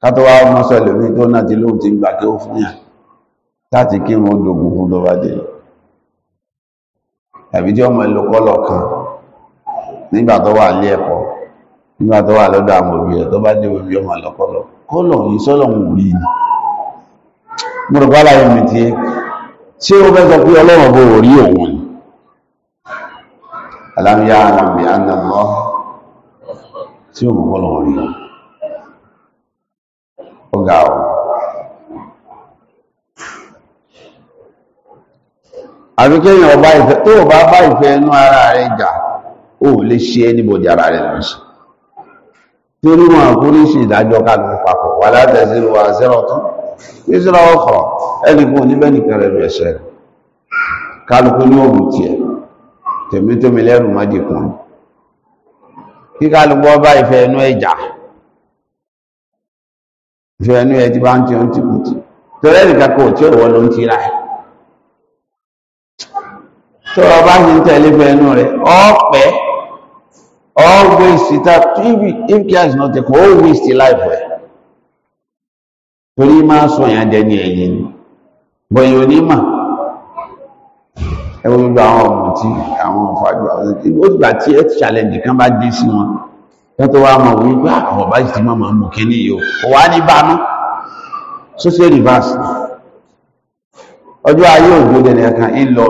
kátó wá mọ́ṣáláṣí tó náà ti lóhun ti gbà kí ó fún yà láti kírun ó dògùn fún lọ́wọ́ délé tàbí tí ọmọ ìlú kan nígbà tó wà ní ẹ̀kọ́ nígbà tó wà lọ́dọ̀ àwọn òbí rẹ̀ tó bá dé òbí ọmọ ìlọ́kọ́lọ̀ kọ́lọ̀ yìí sọ́lọ̀ ń rí ni mo rò pálá yìí ti ṣé ó fẹ́ sọ pé ọlọ́run bó rí òun ni alámiyá àfi kéèyàn ọba ìfẹ́ tó bá bá ìfẹ́ inú ara rẹ̀ jà ó lè ṣe ẹnibọ̀dì ara rẹ̀ lọ́n ṣe torí wọn àkúrísì ìdájọ́ kálù papọ̀ wà látẹ̀síru wà zẹ́rọ̀ tán ìṣẹ́ra ọkọ̀ ẹnìkan oníbẹ̀ nìkan rẹ̀ lẹ́ṣẹ̀ rẹ̀ kálukú ní òògùn tiẹ̀ tèmítómi lẹ́rù mọ́dìkùn kí kálukú ọba ìfẹ́ inú ẹ̀jà ìfẹ́ inú ẹ̀ ti bá ń ti ohun ti kùtì torí ẹnìkan kò tí ò wọ́n ló ń tira ẹ̀ tó ọba ní tẹ̀lé fẹ́ẹ̀nú rẹ̀ ọ̀pẹ́ always it up if care is not taken always the life rẹ̀ torí máa sọ èèyàn jẹ́ ní ẹ̀yìn ni bọ̀yìn onímọ̀ ẹwọ́n gbogbo àwọn ọmọ tí àwọn ọ̀fàjọ àwọn tí ó gbà tí ẹ challenge kan bá dé sí wọn wọ́n tó wá mọ̀ wípé ah, àwọn ọba ti mọ̀ mọ̀ mọ̀ kíní yìí ó wà ní bámú social reverse ọjọ́ ayé ògbó dẹ̀nẹ̀ kan ń lọ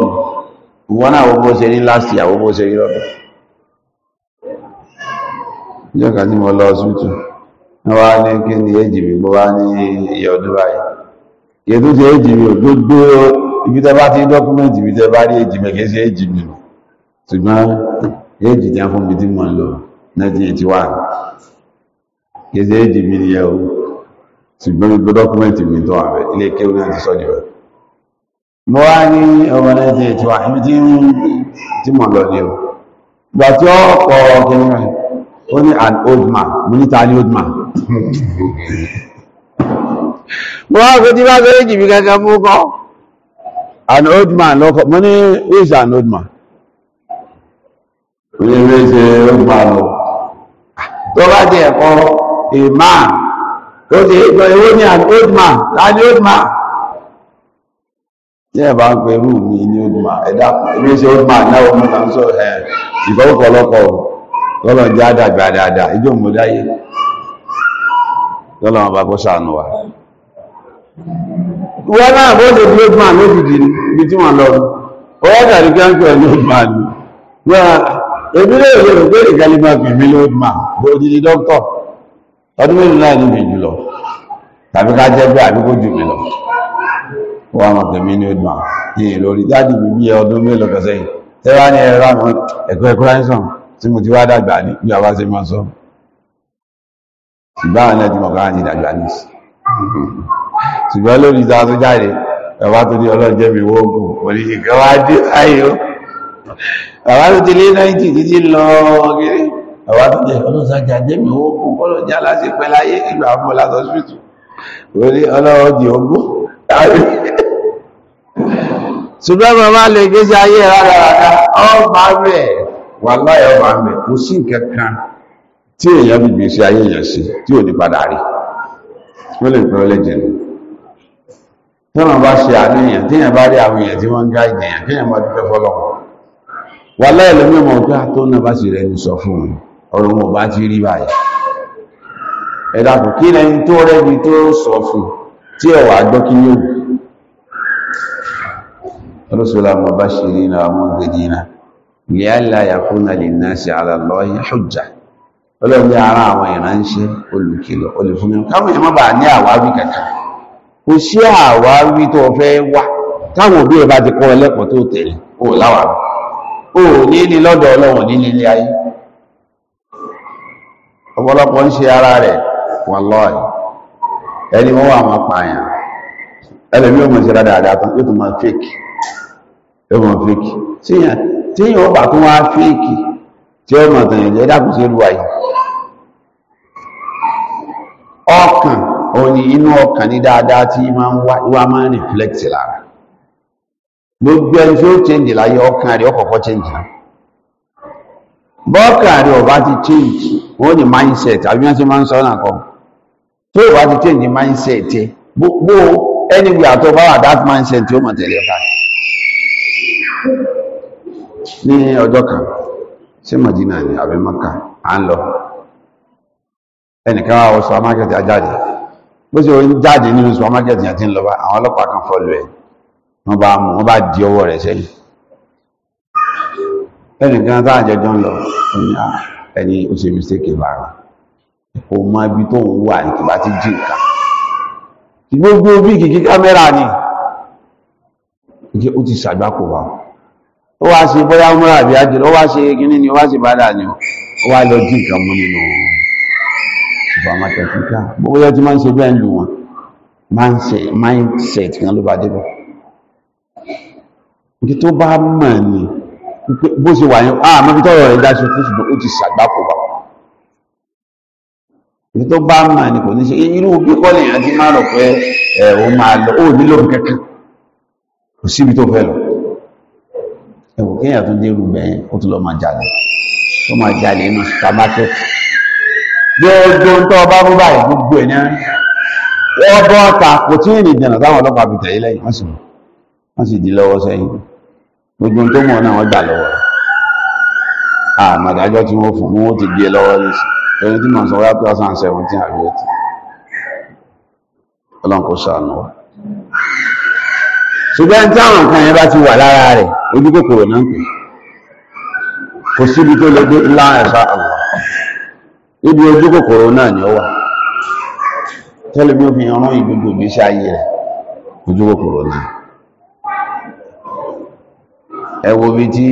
ìwọ́n náà wọ́n bó ṣe rí last year wọ́n bó ṣe rí lọ́dọ̀ ìjọka mo lọ ọsútù wọ́n ní kí ni èjìbì bó wá ní iye tó ò gbogbo ibi tẹ́ bá ti dọ́kúmẹ́ntì ibi tẹ́ bá rí ṣùgbọ́n 1981 o ṣùgbọ́n gbogbo dọ́kúmẹ́ntì mi tó ilé mo wá ní ọmọ ẹ̀jẹ̀ ètò àmì tí mo lọ ní o gbà tí ó pọ̀ kìnnìkan ó ní an old man mo ní old man mo wá kó tí fẹ́ jìbì kankan mú kọ́ an old man lọ́kọ̀ mo ní is an old man mo ní ilé ṣe old man lọ tó bá jẹ́ ẹ̀kọ́ a man tó ti gbọ́ ewé ní an old man ta ní old man. tí bá ń pe rúù mi ní odùmá ẹ̀dá ilé iṣẹ́ odùmá náà mo kàn jẹ́ àdàgbà ìjọ kó sànù wa. wọ́n náà di odùmá lójijì ibi tí wọ́n lọ ọwọ́ dàrí kí wọ́n pè ní odùmá ni wọ́n ebi lè pé máa pè mí ní bó di di dókítọ̀ ọdún mélòó náà wọ́n mọ̀ tẹ̀mí ní odò yìí lórí dájú bíbí ọdún mélòó kẹsẹ̀ yìí tẹ́wà ní ẹ̀rọ àwọn ẹ̀kọ́ ẹ̀kọ́ àìsàn tí mo ti wá dàgbà ní bí a bá ṣe máa sọ ṣùgbọ́n àwọn ẹ̀dùn mọ̀kànlá ti dàgbà ní ṣùgbọ́n lórí ìta tó jáde ẹ̀wá tó ní ọlọ́jẹ́ mi wóògùn oníṣẹ́kẹ́ wá dé báyìí ó ẹ̀wá tó ti lé 90 títí lọ gírí ẹ̀wá tó jẹ́ ọlọ́sàjà jẹ́ mi wóògùn ọlọ́jẹ́ aláṣepẹ́ láyé ìgbà fún ọlá sọ́sìtù orí ọlọ́ọ̀dì ogún ṣùgbọ́n bàbá lè gbéjì ayé rárára ọba mẹ́ wà láyọ̀ ọba mẹ́ kò sí nǹkan kan tí èèyàn fi gbèsè ayé èèyàn sí tí ò ní padà rí wọ́n lè pẹ́ ọlẹ́jẹ̀ nù tọ́nà bá ṣe àníyàn téèyàn bá rí àwọn èèyàn tí wọ́n ń gá ìdèyàn kéèyàn máa dúpẹ́ fọlọ́wọ́ wà láyọ̀ lẹ́mí ọmọ ọ̀gá tó náà bá sì rẹ̀ sọ fún un ọ̀rọ̀ wọn bá ti rí báyìí ẹ̀dà kí lẹ́yìn tó rẹ́ni tó sọ fún tí ẹ̀wà gbọ́ kí yóò رسلا مبشرين ومنذرين لئلا يكون للناس على الله حجة ọlọ́run ní ara àwọn ìránṣẹ́ olùkìlọ̀ olùfúnni káwọn èèyàn má ní àwáwí kàkà kò sí àwáwí tó fẹ́ wá táwọn òbí ẹ̀ bá ti kọ́ ẹlẹ́kọ̀ọ́ tó tẹ̀lé o láwàá ní ní lọ́dọ̀ ọlọ́run ní nílé ayé ọ̀pọ̀lọpọ̀ ń ṣe ara rẹ̀ ẹni wọ́n wà pààyàn ẹlẹ́mí ò mọ̀ sí tán tún máa ẹmọ fíkì tíyàn ọba tó wá fíkì tí ó mọ̀ tàn ẹ̀jẹ̀ dákùn sí ìlú ayé ọkàn òní inú ọkàn ní dáadáa tí wá máa ń reflect lára gbogbo ẹni tí ó change láyé ọkàn rẹ̀ ọkọ̀ọ̀kọ́ change lára bọ́ọ̀kàn ọba ti change wọ́n ní mindset àbí wọ́n ti máa ń sọ náà kọ́ tó ọba ti change mindset bá wà that mindset tí ó mọ̀ tẹ̀lé ní ọjọ́ kan sí Madina ní àbí Maka à ń lọ ẹnìkan wá wọ supermarket ajáde bó ṣe ń jáde nínú supermarket yẹn ti ń lọ bá àwọn ọlọ́pàá kan fọlù ẹ̀ wọ́n bá mú wọ́n bá di ọwọ́ rẹ̀ sẹ́yìn ẹnìkan tá àjẹjọ́ ń lọ ẹni ó ṣe mistake lára kò mọ ibi tó ń wà ní kìbá ti jí nǹkan gbogbo bí kìkí kámẹ́rà ni ó ti ṣàgbákò wa ó wá ṣe bóyá múra àbí ájò ó wá ṣe gíní ni ó wá ṣe bádà ni ó wá lọ jí nǹkan mú nínú supermarket nǹkan gbogbo yẹn ti máa ń ṣe bẹ́ẹ̀ lù wọn mindset kan ló bá débọ̀ ní tó bá mọ̀ ni bó ṣe wà ní àmọ́ bí tọ́rọ rẹ̀ dáṣe fún ṣùgbọ́n ó ti ṣàgbápò wà ní tó bá mọ̀ ni kò ní ṣe irú kíkọ́ lèèyàn ti máa rọ̀ pé ẹ̀ ó máa lọ ó nílò kankan kò síbi tó fẹ́ lọ ẹ̀wò kéèyàn tó dé rúbẹ̀ yẹn ó tún lọ máa jalè tó máa jalè inú supermarket gbogbo ń tọ́ bá rúbà yìí gbogbo ẹ̀ náà wọ́n bọ́ ta kò tí ì nìjànà táwọn ọlọ́pàá fi tẹ̀lé lẹ́yìn wọ́n sì wọ́n sì di lọ́wọ́ sẹ́yìn gbogbo ń tó mọ̀ náà wọ́n gbà lọ́wọ́ rẹ̀ àmàdájọ́ tí wọ́n fún wọn ó ti gbé e lọ́wọ́ nísìn ẹni tí màá sọ wáyà 2017 àríwẹ̀tì ọlọ́nkọ́ sàánú wa ṣùgbọ́n táwọn nǹkan yẹn bá ti wà lára rẹ̀ ojú kòkòrò náà pè kò síbi tó lè dé ńlá ẹ̀fà àwọn ibi ojú kòkòrò náà ni ó wà tẹ́lẹ̀ bí ó fi rán ìgbogbo ìgbésí ayé rẹ̀ ojú kòkòrò náà ẹ wo bí tí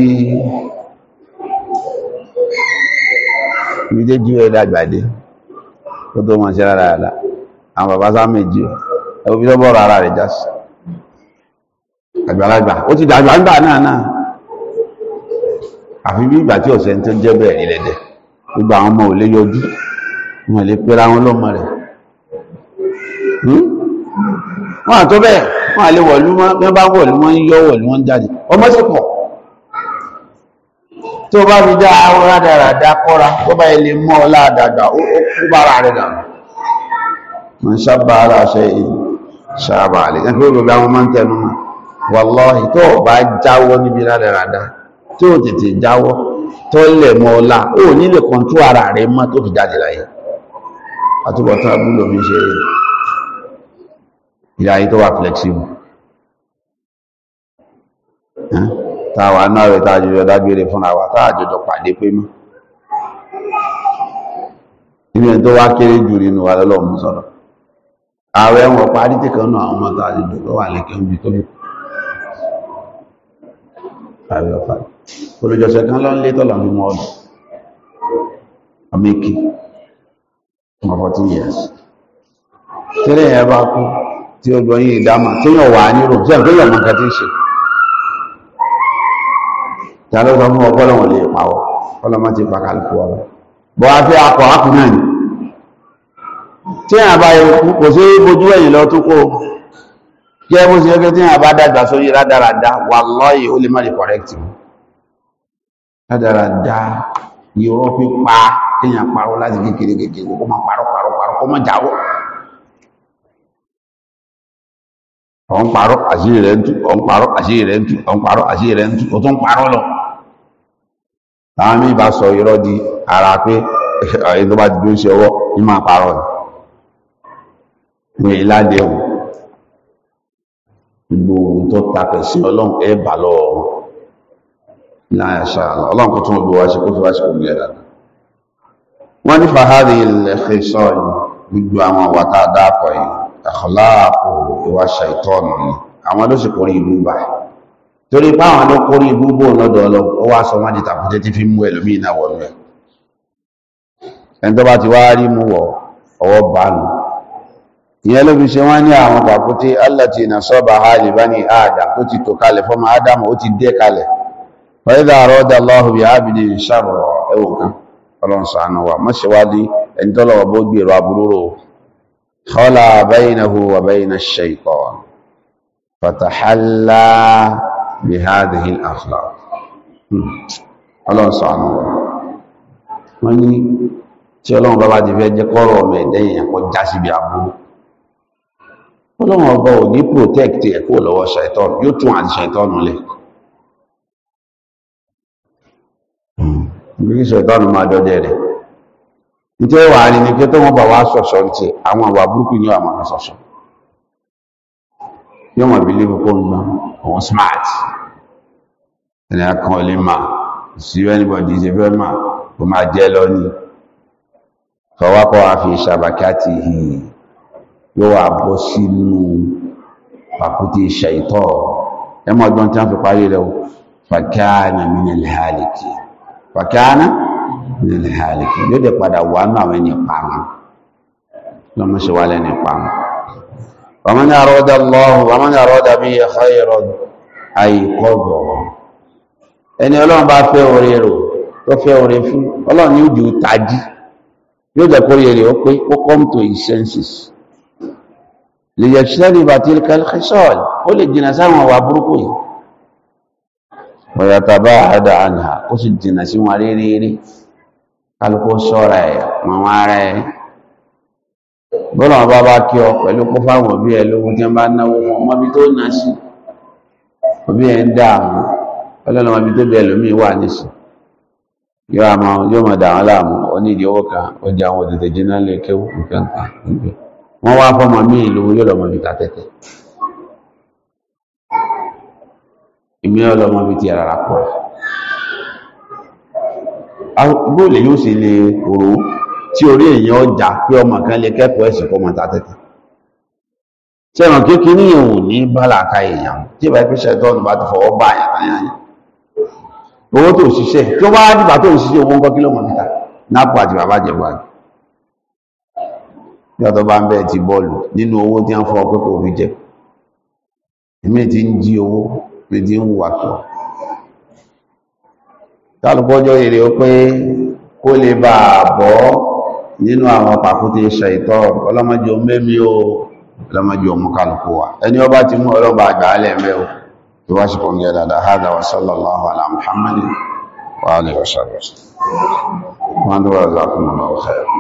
ibi tí jú ẹ dàgbàdé tó tó mọ̀ sí rárá àwọn bàbá sáà méjì ẹ wo bí tó bọ́ọ̀rọ̀ ara rẹ̀ jásí àgbàlagbà ó ti dàgbà ń gbà náà náà àfi bí ìgbà tí ọ̀sẹ̀ tó jẹ́ bẹ̀rẹ̀ ìlẹ̀dẹ̀ gbogbo àwọn ọmọ ò lè yọjú wọn lè pera wọn lọ́mọ rẹ̀ hmm? wọn àtọ́ bẹ́ẹ̀ wọn àlè wọ̀lú mọ́ bí wọ́n bá wọ̀lú mọ́ ń yọ wọ̀lú wọn jáde ọmọ sì pọ̀ tó bá fi dá rádaràdá kọ́ra tó bá ilé mọ́ ọlá àdàgbà ó bára rẹ̀ dànù mọ̀ ń sábà ara ṣe ìṣàbà àlè wàláhì tó bá jáwọ́ níbi tí ó tètè jáwọ́ tó lè mọ́ ọlá ó nílè kan tó ara rẹ̀ mọ́ tó fi jáde láyé àtúbọ̀tán abúlò mi ṣe tó wà flexible táwà náà rẹ̀ táà jùlọ dágbére fúnra wa táà jùlọ pàdé pé mọ́ tó wá kéré jù nínú wa lọ́lọ́ ààrẹ ọ̀fà olùjọsẹ̀ kan lọ lé tọ́lọ̀ mímọ́ ọ̀dọ̀ àmẹ́kì ọ̀fọ̀ tí yẹ tẹ́lẹ̀ yẹn bá kú tí ó gbọ́yìn ìdámà tí yàn wà nírò tí àgbé yàn mọ̀ká tí ń ṣe ta ló sọ fún ọ bọ́lọ̀ wọn lè pawọ́ bọ́lọ̀ má ti pa kálukú ọ̀rọ̀ bọ́ a fẹ́ akọ̀ akùn náà ni tí àbáyé kò sí bójú ẹ̀yìn lọ tó kó jẹ́ bó ṣe ẹgbẹ́ tí wọ́n bá dàgbà sórí rádaràdá wallahi ó lè má lè kọ̀rẹ́kì mú rádaràdá ìrọ́ pípa èèyàn parọ́ láti kékeré kékeré kó má parọ́ parọ́ parọ́ kó má jáwọ́ ọ̀n parọ́ àṣírí rẹ̀ ń tú ọ̀n parọ́ àṣírí rẹ̀ ń tú ọ̀n parọ́ àṣírí rẹ̀ ń tú ó parọ́ lọ gbogbo ohun tó tapẹ̀ sí ọlọ́run ẹ bà lọ́wọ́ wọn láyà ṣáàlá ọlọ́run kó tún gbogbo wa ṣe kó fi wá ṣe kó gbé ẹ̀dá wọ́n ní fàhádì ilẹ̀ ṣe sọ gbogbo àwọn àwà tá a dáàpọ̀ yìí ẹ̀kọ́láàpọ̀ ìwà ṣàìtọ́ọ̀nù ni àwọn ló sì kórè ìlú bá torí pé àwọn ló kórè ìlú bò lọ́dọ̀ ọlọ́run ó wá sọ wọ́n di tàkúté tí fi mú ẹlòmíì náà wọ̀nú ẹ̀ ẹni tó bá ti wá rí mú wọ̀ ọwọ́ bá ìyẹn ló fi ṣe wọ́n ní àwọn pàkúté allati nasabaha li bani adam tó ti tò kalẹ̀ fọ́mọ adam ó ti dé kalẹ̀ wa idha arada Allahu bi abdi sharra ẹwọ kan ọlọ́run ṣàánú wa má ṣe wádìí ẹni tó lọ́wọ́ bó gbèrò aburúrò khala ọlọ́run ọba ò ní protect ẹ̀ kó lọ́wọ́ ṣàìtọ́n yóò tún àti ṣàìtọ́n lẹ̀ bí hmm. ṣàìtọ́n máa dọ́jẹ́ rẹ̀ nítorí wà ní pé tó wọ́n bá wá sọ̀sọ̀ ní ti àwọn àwà burúkú ní àwọn sọ̀sọ̀ yóò mọ̀ bílíbù kó ń gbà òun smart ẹni akọ̀ lè mà sí anybody ṣe fẹ́ mà kó máa jẹ́ lọ ní kọwákọ́ àfi ṣàbàkátì hìí yóò wà bọ́ sínú pàkúté ṣàìtọ́ ẹmọ ọgbọ́n tí wọ́n fi parí rẹ̀ fàkíánà mínàlìhálìkì fàkíánà mínàlìhálìkì yóò dẹ̀ padà wà ní àwọn ẹni pàmà lọ́mọ الله ومن أراد به خيرا àìkọ́gbọ̀ ẹni ọlọ́run bá fẹ́ orí rò tó fẹ́ orí fún ọlọ́run ni ó jù tají yóò jẹ́ kó rí èrè ó pé ó come to his senses lè yẹ̀ ṣẹ́rì bàtí kẹsọ́ọ̀lì ó lè jìnà sáwọn wà burúkú yìí ọ̀yàtà bá àdà àdà ó sì jìnà sí wọn rí rí rí kálukú sọ́ra ẹ̀ màmá ara ẹ̀ bọ́lá wọn bá bá kí ọ pẹ̀lú kó fáwọn wọn bá náwó owó kan ó jẹ àwọn òdìdè jẹ náà lè kéwù nǹkan kan níbẹ̀ wọ́n wá fọ́mọ mí ìlówó yóò lọ́mọ bí tàtẹ́tẹ́ ìmí ọlọ́mọ bí ti àràrà pọ̀ bóòlè yóò sì lè rò tí orí èèyàn ọjà pé ọmọ kan lè kẹ́kọ̀ọ́ ẹ̀sìn fọ́mọ tàtẹ́tẹ́ sẹ́wọ̀n kékeré òun ní bálàka èèyàn tí ìbá ìpínṣẹ́ tọ́nù bá ti fọwọ́ bá àyàn tàyàn yìí owó tó ṣiṣẹ́ tó bá dìgbà tó ń ṣiṣẹ́ owó ń kọ́ kílọ̀mọ̀ níta nápò àti bàbá jẹ̀bú àgbẹ̀ ní ọ̀tọ́ bá ń bẹ́ẹ̀ ti bọ́ọ̀lù nínú owó tí a ń fọ́ ọpẹ́ kò fi jẹ èmi ti ń jí owó mi ti ń wà tó tálùkọ́jọ́ èrè ó pé kó lè a bọ́ nínú àwọn pàkúté ọlọ́mọdé o ọlọ́mọdé ọmọ kálukú wa ẹni ọba ti mú ọlọ́ba àgbà alẹ́ o tí ṣe wa ala